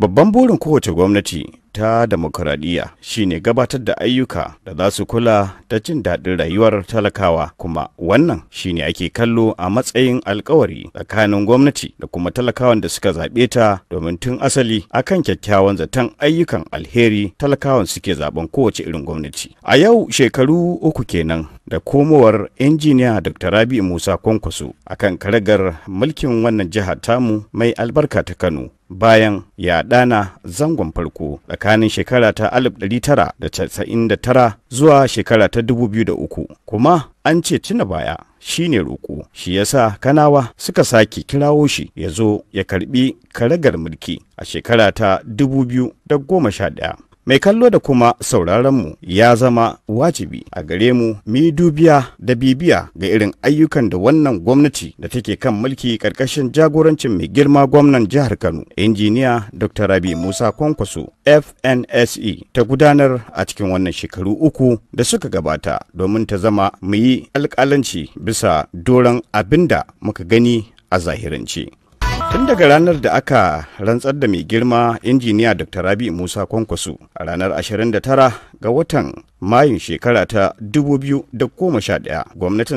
Babban burin kowace gwamnati ta demokuraɗiyya shine gabatar da ayyuka da za su kula da jin daɗin rayuwar talakawa kuma wannan shine ake kallo a matsayin alkawari tsakanin gwamnati da kuma talakawan da suka zaɓe ta domin tun asali akan kyakkyawan zaton ayyukan alheri talakawan suke zaben kowace irin gwamnati. A yau shekaru uku kenan da komowar injiniya Dr. Rabi Musa Kwankwaso akan karagar mulkin wannan jihar tamu mai albarka ta Kano bayan ya dana zangon farko tsakanin shekara ta 1999 zuwa shekara ta 2003 kuma an ce tuna baya shine roƙo shi ya sa kanawa suka sake kirawo shi ya zo ya karbi karagar mulki a shekara ta 2011 mai kallo da kuma sauraronmu ya zama wajibi a gare mu mu dubiya da bibiya ga irin ayyukan da wannan gwamnati da take kan mulki karkashin jagorancin mai girma gwamnan jihar kano injiniya dr rabi musa kwankwaso fnse ta gudanar a cikin wannan shekaru uku da suka gabata domin ta zama mu yi alkalanci bisa doron abin da muka gani a zahirance Tun daga ranar da aka rantsar da mai girma injiniya Dr. Rabi Musa Kwankwaso a ranar 29 ga watan Mayun shekara ta 2011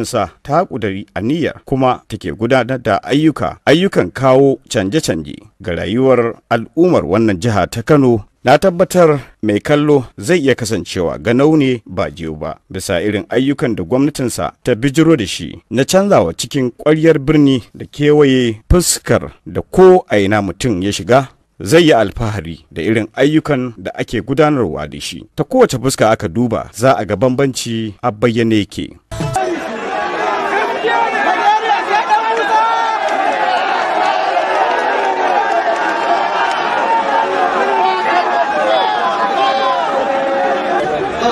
sa ta a niyyar kuma take gudanar da ayyuka ayyukan kawo canje-canje ga rayuwar al'ummar wannan jiha ta Kano na tabbatar mai kallo zai iya kasancewa ganau ne ba jiyo ba bisa irin ayyukan da gwamnatinsa ta bijiro da shi na canzawa cikin ƙwaryar birni da kewaye fuskar da ko a ina mutum ya shiga zai yi alfahari da irin ayyukan da ake gudanarwa da shi ta kowace fuska aka duba za a ga bambanci a bayyane yake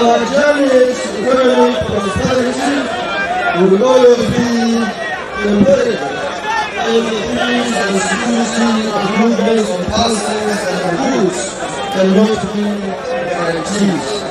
our journeys to economic prosperity will always be embedded in the peace and security of movements of persons and goods and not be guaranteed.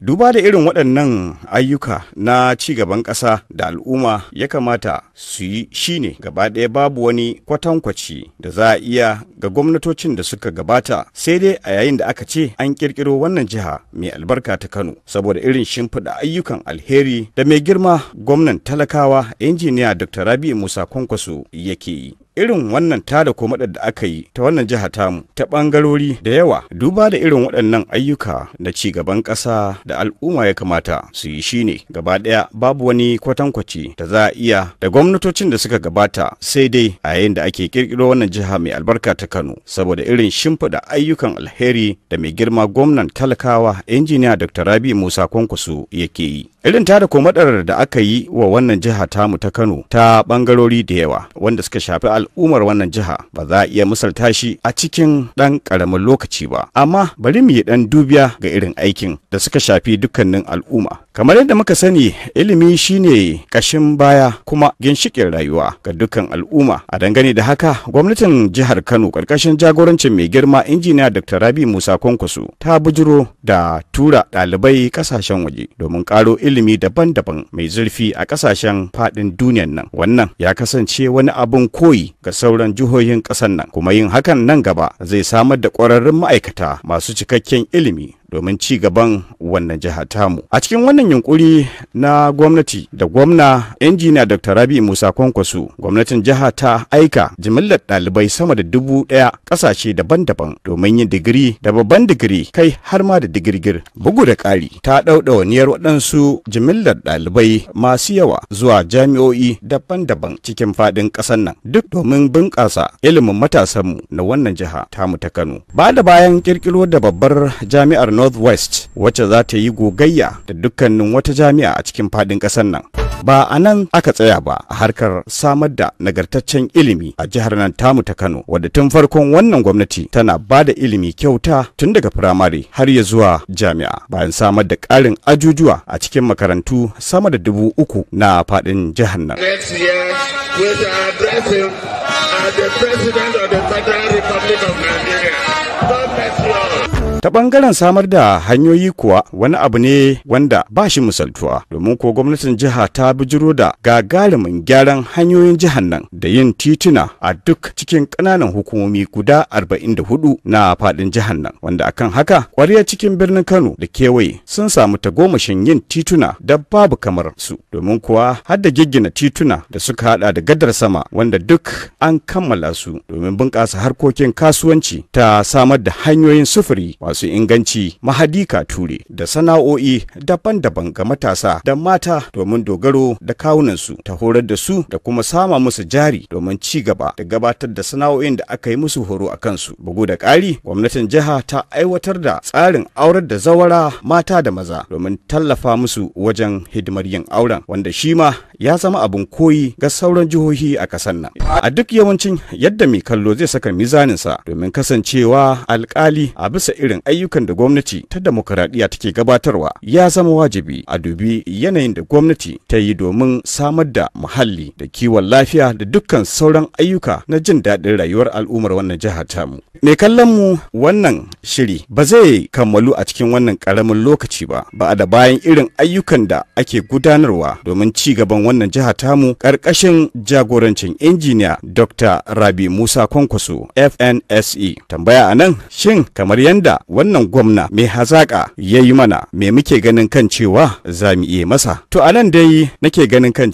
duba da irin waɗannan ayyuka na ci gaban ƙasa da al'umma ya kamata su yi shi ne gaba ɗaya babu wani kwatankwaci da za a iya ga gwamnatocin da suka gabata sai dai a yayin da aka ce an ƙirƙiro wannan jiha mai albarka ta kano saboda irin shimfiɗa ayyukan alheri da mai girma gwamnan talakawa injiniya dr rabi musa kwankwaso yake yi irin wannan tada ko da aka yi ta wannan jihar tamu ta bangarori da yawa duba da irin waɗannan ayyuka na ci gaban ƙasa da al'umma ya kamata su yi shine gaba ɗaya babu wani kwatankwaci da za a iya da gwamnatocin da suka gabata sai dai a yayin da ake kirkiro wannan jiha mai albarka ta Kano saboda irin shimfiɗa ayyukan alheri da mai girma gwamnan talakawa injiniya Dr. Rabi Musa Kwankwaso ke yi. Irin tada komadar da aka yi wa wannan jiha tamu ta Kano ta bangarori da yawa wanda suka shafi al al'ummar wannan jiha ba za a iya misalta shi a cikin ɗan ƙaramin lokaci ba amma bari mu yi ɗan dubiya ga irin aikin da suka shafi dukkanin al'umma kamar yadda muka sani ilimi shine ƙashin baya kuma ginshiƙin rayuwa ga dukkan al'umma a dangane da haka gwamnatin jihar kano ƙarƙashin jagorancin mai girma injiniya dr rabi musa kwankwaso ta bujiro da tura ɗalibai ƙasashen waje domin ƙaro ilimi daban-daban mai zurfi a ƙasashen faɗin duniyan nan wannan ya kasance wani abin koyi ga sauran jihohin ƙasar nan kuma yin hakan nan gaba zai samar da ƙwararrun ma'aikata masu cikakken ilimi domin ci gaban wannan jiha tamu a cikin wannan yunkuri na gwamnati da gwamna injiniya dr rabi musa kwankwaso gwamnatin jiha ta aika jimillar ɗalibai sama da dubu ɗaya ƙasashe daban-daban domin yin digiri da babban digiri kai har ma da digirgir bugu da ƙari ta ɗauɗa waniyar waɗansu jimillar ɗalibai masu yawa zuwa jami'o'i daban-daban cikin faɗin ƙasar nan duk domin bunƙasa ilimin matasanmu na wannan jiha tamu ta kano ba da bayan ƙirƙiro da babbar jami'ar northwest wacce za ta yi gogayya da dukkanin wata jami'a a cikin fadin ƙasar nan ba a nan aka tsaya ba a harkar samar da nagartaccen ilimi a jihar nan tamu ta kano wadda tun farkon wannan gwamnati tana ba da ilimi kyauta tun daga firamare har ya zuwa jami'a bayan samar da karin ajujuwa a cikin makarantu sama da dubu uku na faɗin jihar nan the ta bangaren samar da hanyoyi kuwa wani abu ne wanda ba shi misaltuwa domin ko gwamnatin jiha ta bijiro da gagarumin gyaran hanyoyin jihar nan da yin tituna a duk cikin ƙananan hukumomi guda 44 na faɗin jihar nan wanda akan haka ƙwariya cikin birnin kano da kewaye sun samu tagomashin yin tituna da babu kamar su domin kuwa har da giggina tituna da suka hada da gadar sama wanda duk an kammala su domin bunƙasa harkokin kasuwanci ta samar da hanyoyin sufuri masu inganci mahadi ture da sana'o'i daban-daban ga matasa da mata domin dogaro da kawunansu ta horar da su da kuma sama musu jari domin ci gaba da gabatar da sana'o'in da aka yi musu horo a kansu bugu da ƙari gwamnatin jiha ta aiwatar da tsarin aurar da zawara mata da maza domin tallafa musu wajen hidimar yin auren wanda shi ma ya zama abin koyi ga sauran jihohi a ƙasar nan a duk yawancin yadda mai kallo zai saka mizaninsa domin kasancewa alkali a bisa irin irin ayyukan da gwamnati ta demokuraɗiyya take gabatarwa ya zama wajibi a dubi yanayin da gwamnati ta yi domin samar da muhalli da kiwon lafiya da dukkan sauran ayyuka na jin daɗin rayuwar al'ummar wannan jihar tamu. Mai kallon mu wannan shiri ba zai kammalu a cikin wannan karamin lokaci ba ba a da bayan irin ayyukan da ake gudanarwa domin ci gaban wannan jiha tamu ƙarƙashin jagorancin injiniya dr rabi musa kwankwaso fnse tambaya a nan shin kamar yadda wannan gwamna mai hazaƙa ya yi mana me muke ganin kan cewa za mu iya masa to a nan dai nake ganin kan